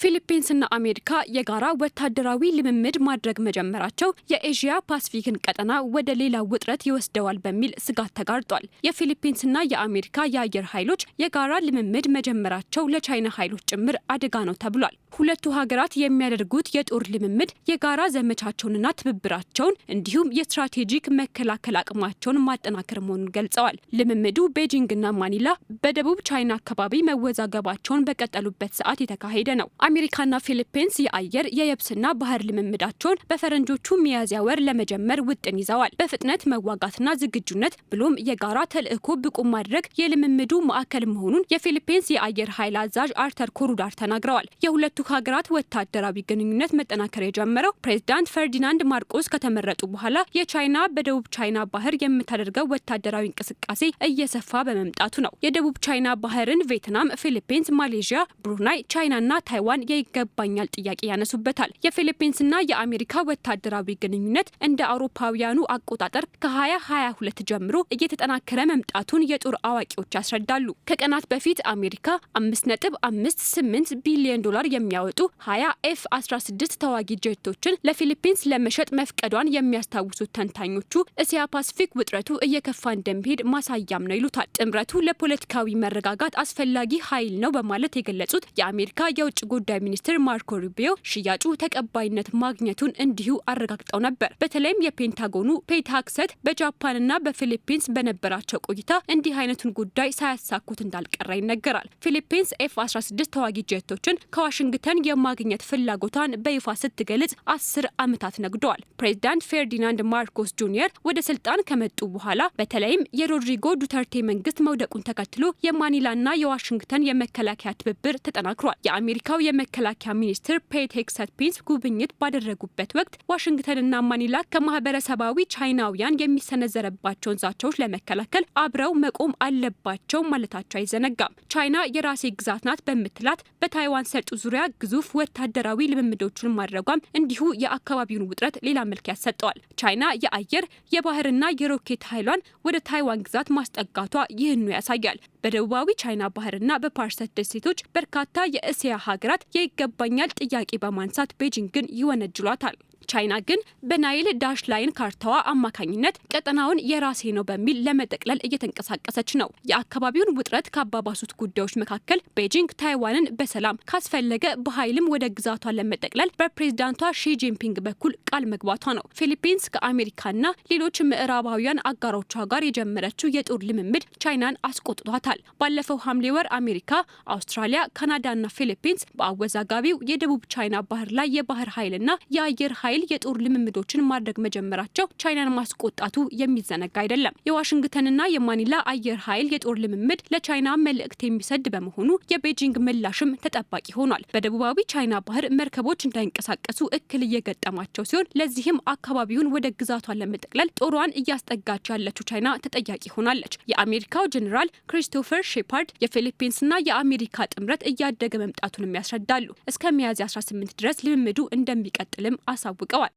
ፊሊፒንስና አሜሪካ የጋራ ወታደራዊ ልምምድ ማድረግ መጀመራቸው የኤዥያ ፓስፊክን ቀጠና ወደ ሌላ ውጥረት ይወስደዋል በሚል ስጋት ተጋርጧል። የፊሊፒንስና የአሜሪካ የአየር ኃይሎች የጋራ ልምምድ መጀመራቸው ለቻይና ኃይሎች ጭምር አደጋ ነው ተብሏል። ሁለቱ ሀገራት የሚያደርጉት የጦር ልምምድ የጋራ ዘመቻቸውንና ትብብራቸውን እንዲሁም የስትራቴጂክ መከላከል አቅማቸውን ማጠናከር መሆኑን ገልጸዋል። ልምምዱ ቤጂንግና ማኒላ በደቡብ ቻይና አካባቢ መወዛገባቸውን በቀጠሉበት ሰዓት የተካሄደ ነው። አሜሪካና ፊሊፒንስ የአየር የየብስና ባህር ልምምዳቸውን በፈረንጆቹ ሚያዝያ ወር ለመጀመር ውጥን ይዘዋል። በፍጥነት መዋጋትና ዝግጁነት ብሎም የጋራ ተልዕኮ ብቁ ማድረግ የልምምዱ ማዕከል መሆኑን የፊሊፒንስ የአየር ኃይል አዛዥ አርተር ኮሩዳር ተናግረዋል። የሁለቱ ሀገራት ወታደራዊ ግንኙነት መጠናከር የጀመረው ፕሬዚዳንት ፈርዲናንድ ማርቆስ ከተመረጡ በኋላ የቻይና በደቡብ ቻይና ባህር የምታደርገው ወታደራዊ እንቅስቃሴ እየሰፋ በመምጣቱ ነው። የደቡብ ቻይና ባህርን ቬትናም፣ ፊሊፒንስ፣ ማሌዥያ፣ ብሩናይ፣ ቻይናና ታይዋን መኖሯን የይገባኛል ጥያቄ ያነሱበታል። የፊሊፒንስና የአሜሪካ ወታደራዊ ግንኙነት እንደ አውሮፓውያኑ አቆጣጠር ከ2022 ጀምሮ እየተጠናከረ መምጣቱን የጦር አዋቂዎች ያስረዳሉ። ከቀናት በፊት አሜሪካ 5.58 ቢሊዮን ዶላር የሚያወጡ 20 ኤፍ 16 ተዋጊ ጀቶችን ለፊሊፒንስ ለመሸጥ መፍቀዷን የሚያስታውሱት ተንታኞቹ እስያ ፓሲፊክ ውጥረቱ እየከፋ እንደሚሄድ ማሳያም ነው ይሉታል። ጥምረቱ ለፖለቲካዊ መረጋጋት አስፈላጊ ኃይል ነው በማለት የገለጹት የአሜሪካ የውጭ ጉዳይ ጉዳይ ሚኒስትር ማርኮ ሩቢዮ ሽያጩ ተቀባይነት ማግኘቱን እንዲሁ አረጋግጠው ነበር። በተለይም የፔንታጎኑ ፔታክሰት በጃፓንና በፊሊፒንስ በነበራቸው ቆይታ እንዲህ አይነቱን ጉዳይ ሳያሳኩት እንዳልቀረ ይነገራል። ፊሊፒንስ ኤፍ 16 ተዋጊ ጀቶችን ከዋሽንግተን የማግኘት ፍላጎቷን በይፋ ስትገልጽ አስር ዓመታት ነግደዋል። ፕሬዚዳንት ፌርዲናንድ ማርኮስ ጁኒየር ወደ ስልጣን ከመጡ በኋላ በተለይም የሮድሪጎ ዱተርቴ መንግስት መውደቁን ተከትሎ የማኒላና የዋሽንግተን የመከላከያ ትብብር ተጠናክሯል። የአሜሪካው የመከላከያ ሚኒስትር ፔት ፒንስ ጉብኝት ባደረጉበት ወቅት ዋሽንግተንና ማኒላ ከማህበረሰባዊ ቻይናውያን የሚሰነዘረባቸውን ዛቻዎች ለመከላከል አብረው መቆም አለባቸው ማለታቸው አይዘነጋም። ቻይና የራሴ ግዛት ናት በምትላት በታይዋን ሰርጡ ዙሪያ ግዙፍ ወታደራዊ ልምምዶችን ማድረጓም እንዲሁ የአካባቢውን ውጥረት ሌላ መልክ ያሰጠዋል። ቻይና የአየር የባህርና የሮኬት ኃይሏን ወደ ታይዋን ግዛት ማስጠጋቷ ይህኑ ያሳያል። በደቡባዊ ቻይና ባህርና በፓርሰት ደሴቶች በርካታ የእስያ ሀገራት የይገባኛል ጥያቄ በማንሳት ቤጂንግን ይወነጅሏታል። ቻይና ግን በናይል ዳሽ ላይን ካርታዋ አማካኝነት ቀጠናውን የራሴ ነው በሚል ለመጠቅለል እየተንቀሳቀሰች ነው። የአካባቢውን ውጥረት ካባባሱት ጉዳዮች መካከል ቤጂንግ ታይዋንን በሰላም ካስፈለገ በኃይልም ወደ ግዛቷ ለመጠቅለል በፕሬዝዳንቷ ሺጂንፒንግ በኩል ቃል መግባቷ ነው። ፊሊፒንስ ከአሜሪካና ሌሎች ምዕራባውያን አጋሮቿ ጋር የጀመረችው የጦር ልምምድ ቻይናን አስቆጥቷታል። ባለፈው ሐምሌ ወር አሜሪካ፣ አውስትራሊያ፣ ካናዳና ፊሊፒንስ በአወዛጋቢው የደቡብ ቻይና ባህር ላይ የባህር ኃይልና የአየር ኃይል እስራኤል የጦር ልምምዶችን ማድረግ መጀመራቸው ቻይናን ማስቆጣቱ የሚዘነጋ አይደለም። የዋሽንግተንና የማኒላ አየር ኃይል የጦር ልምምድ ለቻይና መልእክት የሚሰድ በመሆኑ የቤጂንግ ምላሽም ተጠባቂ ሆኗል። በደቡባዊ ቻይና ባህር መርከቦች እንዳይንቀሳቀሱ እክል እየገጠማቸው ሲሆን ለዚህም አካባቢውን ወደ ግዛቷን ለመጠቅለል ጦሯን እያስጠጋች ያለችው ቻይና ተጠያቂ ሆናለች። የአሜሪካው ጀኔራል ክሪስቶፈር ሼፓርድ የፊሊፒንስና የአሜሪካ ጥምረት እያደገ መምጣቱንም ያስረዳሉ። እስከ ሚያዝያ 18 ድረስ ልምምዱ እንደሚቀጥልም አሳውቀዋል። go on.